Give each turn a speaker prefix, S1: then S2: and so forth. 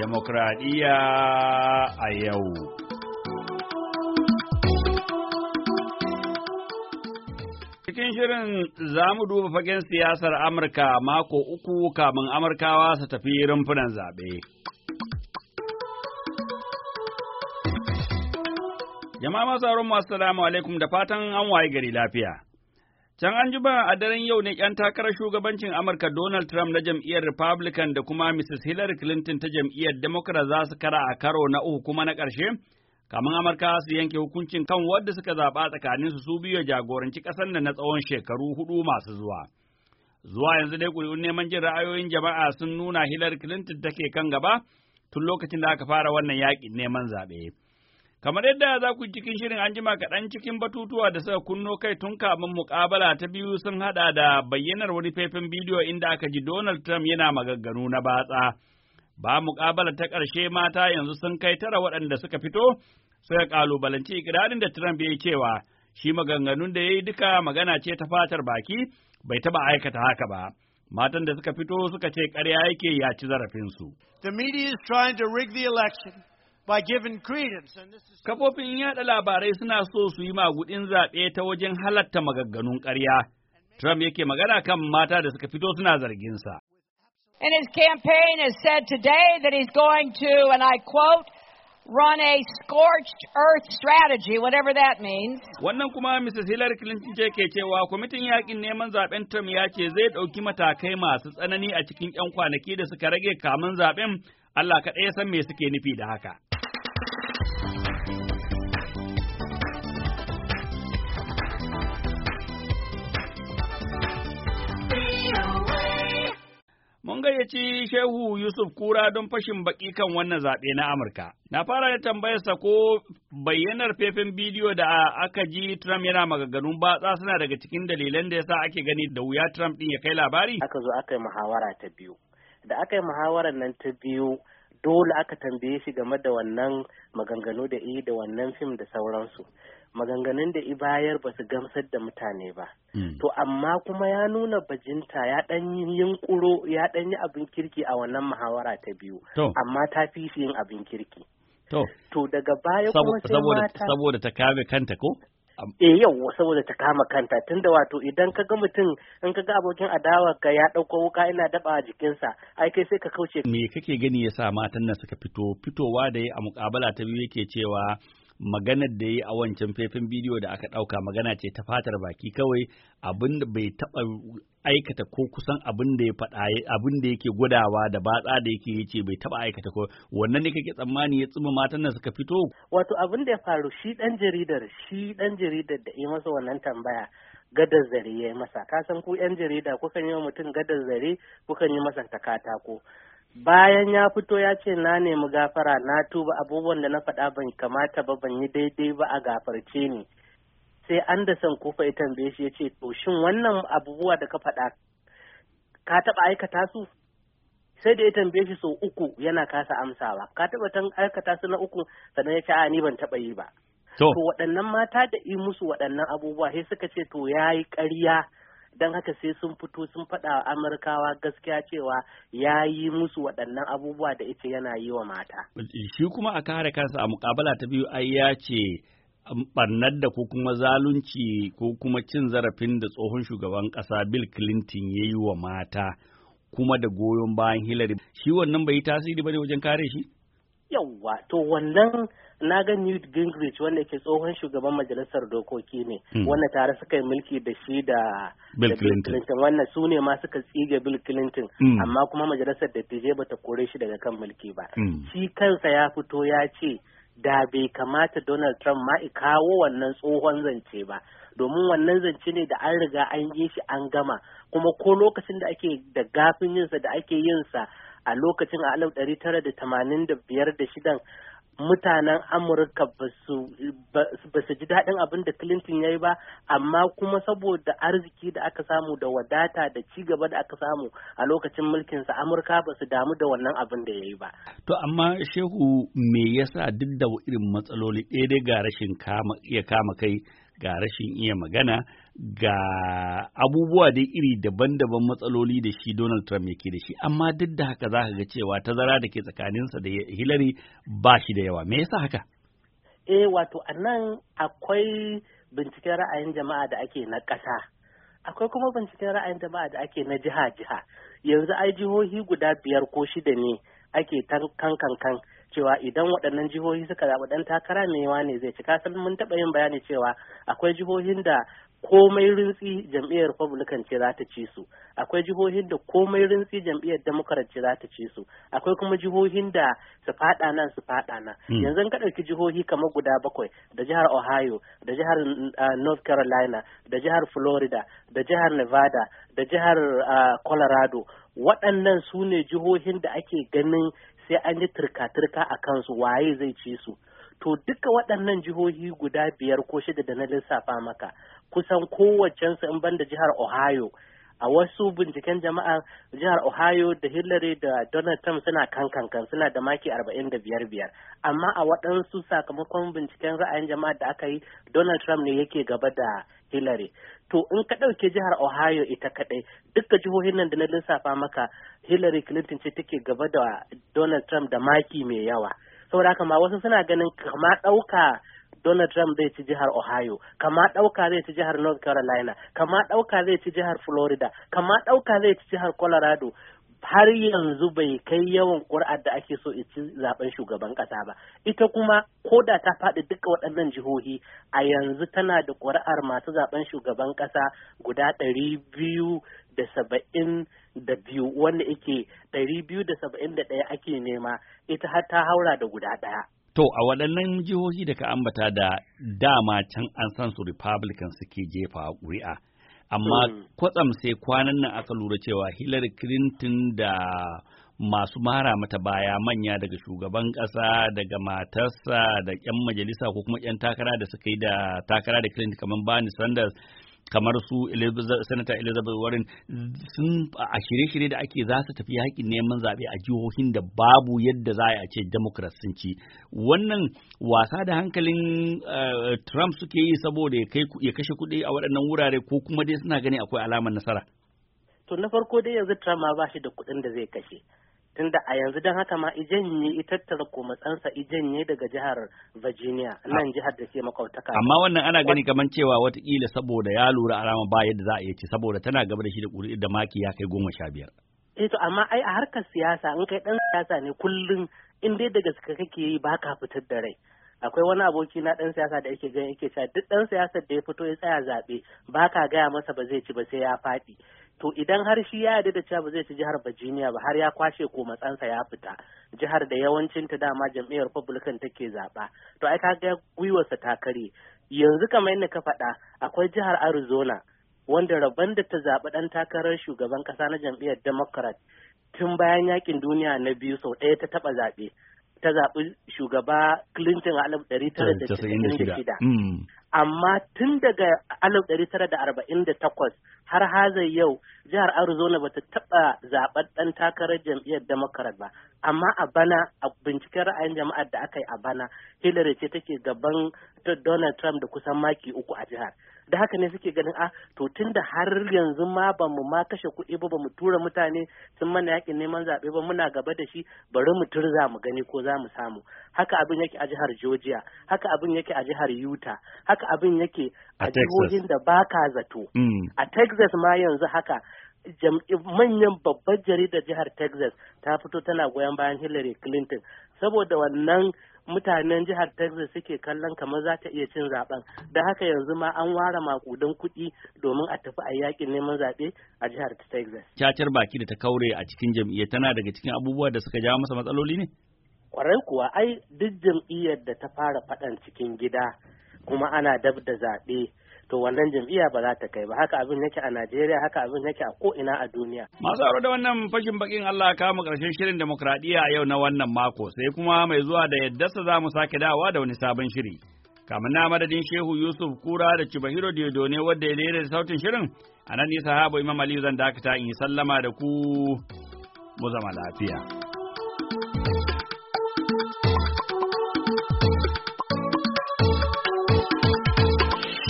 S1: demokradiyya a yau. Cikin shirin za mu duba fagen siyasar Amurka mako uku kamin Amurkawa su tafi rumfunan zaɓe. Jama'a masu masu salamu alaikum da fatan an waye gari lafiya. Can an ji ba a daren yau ne ‘yan takarar shugabancin Amurka Donald Trump na jam'iyyar Republican da kuma Mrs. Hillary Clinton ta jam'iyyar Democrat za su kara a karo na uku kuma na ƙarshe, kamin Amurka su yanke hukuncin kan wadda suka zaɓa tsakanin su su biyu jagoranci ƙasar da na tsawon shekaru hudu masu zuwa. Zuwa yanzu dai ƙuri'un neman jin ra'ayoyin jama'a sun nuna Hillary Clinton take kan gaba tun lokacin da aka fara wannan yaƙin neman zaɓe. Kamar yadda za ku cikin shirin an jima kaɗan cikin batutuwa da suka kunno kai tun kamun muƙabala ta biyu sun haɗa da bayyanar wani faifin bidiyo inda aka ji Donald Trump yana magagganu na batsa. Ba muƙabala ta ƙarshe mata yanzu sun kai tara waɗanda suka fito suka ƙalubalanci ikirarin da Trump ya yi cewa shi maganganun da ya yi duka magana ce ta fatar baki bai taɓa aikata haka ba. Matan da suka fito suka ce ƙarya yake ya ci zarafinsu. The media is trying to rig the election. Kafofin yaɗa labarai suna so su yi magudin zaɓe ta wajen halatta magagganun ƙarya. Trump yake magana kan mata da suka fito suna zarginsa. And his campaign has said today that he's going to, and I quote, run a scorched earth strategy, whatever that means. Wannan kuma Mrs. Hillary Clinton ce ke cewa kwamitin yakin neman zaben Trump ya ce zai ɗauki matakai masu tsanani a cikin 'yan kwanaki da suka rage kamun zaben Allah kaɗai ya san me suke nufi da haka. Mun gayyaci Shehu Yusuf Kura don fashin baki kan wannan zaɓe na Amurka. Na fara da tambayarsa ko bayyanar faifin bidiyo da aka ji Trump yana maganganun batsa suna daga cikin dalilan da yasa ake gani da wuya Trump ɗin ya kai labari? Aka zo aka yi muhawara
S2: ta biyu. Da aka yi muhawarar nan ta biyu dole aka tambaye shi game da wannan maganganu da iya da wannan fim da sauransu. maganganun da ibayar ba su gamsar da mutane ba. Hmm. To amma kuma ya nuna bajinta ya ɗan yi ya ɗan yi abin kirki a wannan muhawara ta biyu. Amma ta fi yin abin kirki. To. daga baya kuma sai mata.
S1: Saboda ta kame kanta ko?
S2: eh yau saboda ta kama kanta tunda wato idan ka ga mutum in ka ga abokin adawa ka ya ɗauko wuka ina daba a jikinsa ai kai sai ka kauce
S1: me kake gani sa matan nan suka fito fitowa da a mukabala ta biyu yake cewa maganar da yi a wancan faifin bidiyo da aka ɗauka magana ce ta fatar baki kawai abin da bai taɓa aikata ko kusan abin da ya faɗa abin da yake gudawa da batsa da yake yace bai taɓa aikata ko wannan ne kake tsammani ya tsima matan nan suka fito
S2: wato abin da ya faru shi ɗan jaridar shi ɗan jaridar da ya masa wannan tambaya gadar zare ya yi masa kasan ku yan jarida kukan yi wa mutum gadar zare kukan yi masa takatako bayan ya fito ya ce na nemi gafara na tuba abubuwan da na faɗa ban kamata ba ban yi daidai ba a gafarce ni sai an da san kofa ya tambaye shi ya ce to shin wannan abubuwa da ka faɗa ka taɓa aikata su sai da ya tambaye shi sau uku yana kasa amsawa ka taɓa tan aikata su na uku sannan ya ce a ni ban taɓa yi ba to waɗannan mata da yi musu waɗannan abubuwa sai suka ce to ya yi ƙarya don haka sai sun fito sun faɗa amurkawa gaskiya cewa ya yi musu waɗannan abubuwa da ita yana yi wa mata
S1: shi kuma a kare kansa a mukabala ta biyu ai ya ce barnar da ko kuma zalunci ko kuma cin zarafin da tsohon shugaban ƙasa bill clinton ya yi wa mata kuma da goyon bayan hillary shi wannan bai yi tasiri ba ne wajen kare shi
S2: yawwa to wannan na ga Newt Gingrich wanda ke tsohon shugaban majalisar dokoki ne hmm. wanda tare suka yi mulki da shi da Bill Clinton wannan su ne ma suka tsige Bill Clinton hmm. amma kuma majalisar da bata kore shi daga kan mulki ba hmm. shi kansa ya fito ya ce da bai kamata Donald Trump ma kawo wannan tsohon zance ba domin wannan zance ne da an riga an yi shi an gama kuma ko lokacin da ake da gafin yinsa da ake yinsa a lokacin a alif ɗari tara da tamanin da biyar da shidan mutanen amurka ba su ji daɗin abin da clinton ya yi ba amma kuma saboda arziki da aka samu da wadata da ci gaba da aka samu a lokacin mulkinsa amurka ba su damu da wannan abin da ya yi ba
S1: to amma shehu me yasa duk da irin matsaloli ɗaya dai ga rashin ya kama kai ga rashin iya magana ga abubuwa da iri daban-daban matsaloli da shi Donald Trump yake da shi amma duk da haka za ka ga cewa tazara da ke tsakaninsa da Hillary ba shi da yawa me yasa haka
S2: eh wato anan akwai binciken ra'ayin jama'a da ake na ƙasa akwai kuma binciken ra'ayin jama'a da ake na jiha-jiha yanzu ai jihohi guda biyar ko shida ne ake kan kan cewa idan waɗannan jihohi suka zaɓi ɗan takara mai ne zai cika kasan mun taɓa yin bayani cewa akwai jihohin da komai rintsi jam'iyyar republican ce za ta ci su akwai jihohin da komai rintsi jam'iyyar democrat ce za ta ci su akwai kuma jihohin da su fada nan su fada nan hmm. yanzu ka ɗauki jihohi kamar guda bakwai da jihar ohio da jihar ah, north carolina da jihar florida da jihar nevada da jihar ah, colorado waɗannan su ne jihohin da ake ganin sai an yi turka-turka a kansu waye zai ci su to duka waɗannan jihohi guda biyar ko shida da na lissafa maka kusan kowaccensu in banda jihar ohio a wasu binciken jama'a jihar ohio da hillary da donald trump suna kankankan suna da maki arba'in da biyar biyar amma a waɗansu sakamakon binciken ra'ayin jama'a da aka yi donald trump ne yake gaba da hillary to in ka ɗauke jihar ohio ita kaɗai duka jihohin nan da na lissafa maka hillary clinton ce take gaba da donald trump da maki mai yawa saboda haka ma wasu suna ganin kama ɗauka Donald Trump zai ci jihar Ohio, kama ɗauka zai ci jihar North Carolina, kama ɗauka zai ci jihar Florida, kama ɗauka zai ci jihar Colorado. Har yanzu bai kai yawan ƙuri'ar da ake so ci zaben shugaban ƙasa ba. Ita kuma ko da ta faɗi duka waɗannan jihohi a yanzu tana da ƙuri'ar masu zaben shugaban ƙasa guda ɗari biyu da saba'in da biyu wanda ike ɗari biyu da saba'in da ɗaya ake nema ita har ta haura da guda ɗaya.
S1: To, a waɗannan jihohi da ka ambata da dama can an san su Republican suke jefa ƙuri'a. Amma hmm. kwatsam sai kwanan nan aka lura cewa Hillary Clinton da masu mara mata baya manya daga shugaban kasa daga matarsa da 'yan majalisa ko kuma 'yan takara da suka yi da takara da Clinton kamar Bernie Sanders kamar su Senator Elizabeth Warren sun a shirye-shirye da ake za su tafi yaƙin neman zaɓe a jihohin da babu yadda za a ce Democrats sun ci. Wannan wasa da hankalin eh, Trump suke yi saboda ya kashe kuɗi a waɗannan wurare ko kuma dai suna gani akwai alamar nasara.
S2: To na farko dai yanzu Trump ma ba shi da kuɗin da zai kashe. tunda a yanzu don haka ma ijanye itattara komatsansa ijanye daga jihar Virginia nan jihar da ke makautaka. Amma wannan ana gani
S1: kamar cewa watakila saboda ya lura alama ba yadda za a iya ci saboda tana gaba da shi da kuri da maki ya kai goma sha biyar.
S2: Eh to amma ai a harkar siyasa in kai ɗan siyasa ne kullum in dai da gaske kake yi ba ka fitar da rai. akwai wani aboki na dan siyasa da yake gani yake cewa duk dan siyasar da ya fito ya tsaya zaɓe ba ka gaya masa ba zai ci ba sai ya faɗi to idan har shi ya yadda da cewa ba zai ci jihar Virginia ba har ya kwashe ko matsansa ya fita jihar da yawancin ta dama jam'iyyar Republican take zaba to ai kaga gwiwarsa ta kare yanzu kamar yadda ka faɗa akwai jihar Arizona wanda rabon da ta zaɓi ɗan takarar shugaban ƙasa na jam'iyyar Democrat tun bayan yakin duniya na biyu sau ɗaya ta taɓa zaɓe ta zaɓi shugaba Clinton a alif ɗari tara da shida. Mm. Amma tun daga alif ɗari tara da arba'in da takwas har haza yau jihar arizona bata taba zaɓar ɗan takarar jam'iyyar democrat ba amma a bana a binciken ra'ayin jama'a da aka yi a bana hillary ce take gaban donald trump da kusan maki uku a jihar da haka ne suke ganin a ah, to tun da har yanzu ma bamu mu ma kashe kuɗi ba ba tura mutane sun mana yakin neman zaɓe ba muna gaba da shi bari mu turza mu gani ko za mu samu haka abin yake a jihar Georgia haka abin yake a jihar Utah haka abin yake a jihohin da baka zato mm. a Texas ma yanzu haka manyan babbar jaridar jihar Texas ta fito tana goyon bayan Hillary Clinton saboda wannan mutanen jihar Texas suke kallon kamar za ta iya cin zaben da haka yanzu ma an ware makudan kuɗi domin a tafi a yakin neman zaɓe a jihar Texas.
S1: Cacar baki da ta kaure a cikin jam'iyyar tana daga cikin abubuwa da suka jawo masa matsaloli ne?
S2: kwarai kuwa ai duk jam'iyyar da ta fara faɗan cikin gida kuma ana dab da zaɓe to wannan jam'iyya ba za ta kai ba haka abin yake a Najeriya haka abin yake a ko ina a duniya. Masu
S1: aro da wannan fashin bakin Allah ka mu karshen shirin demokradiya yau na wannan mako sai kuma mai zuwa da yaddarsa za mu sake dawa da wani sabon shiri. Kamar na madadin Shehu Yusuf Kura da Cibahiro Diodo ne wadda ya lera da sautin shirin a nan nisa habu Imam Aliyu zan dakata in yi sallama da ku mu zama lafiya.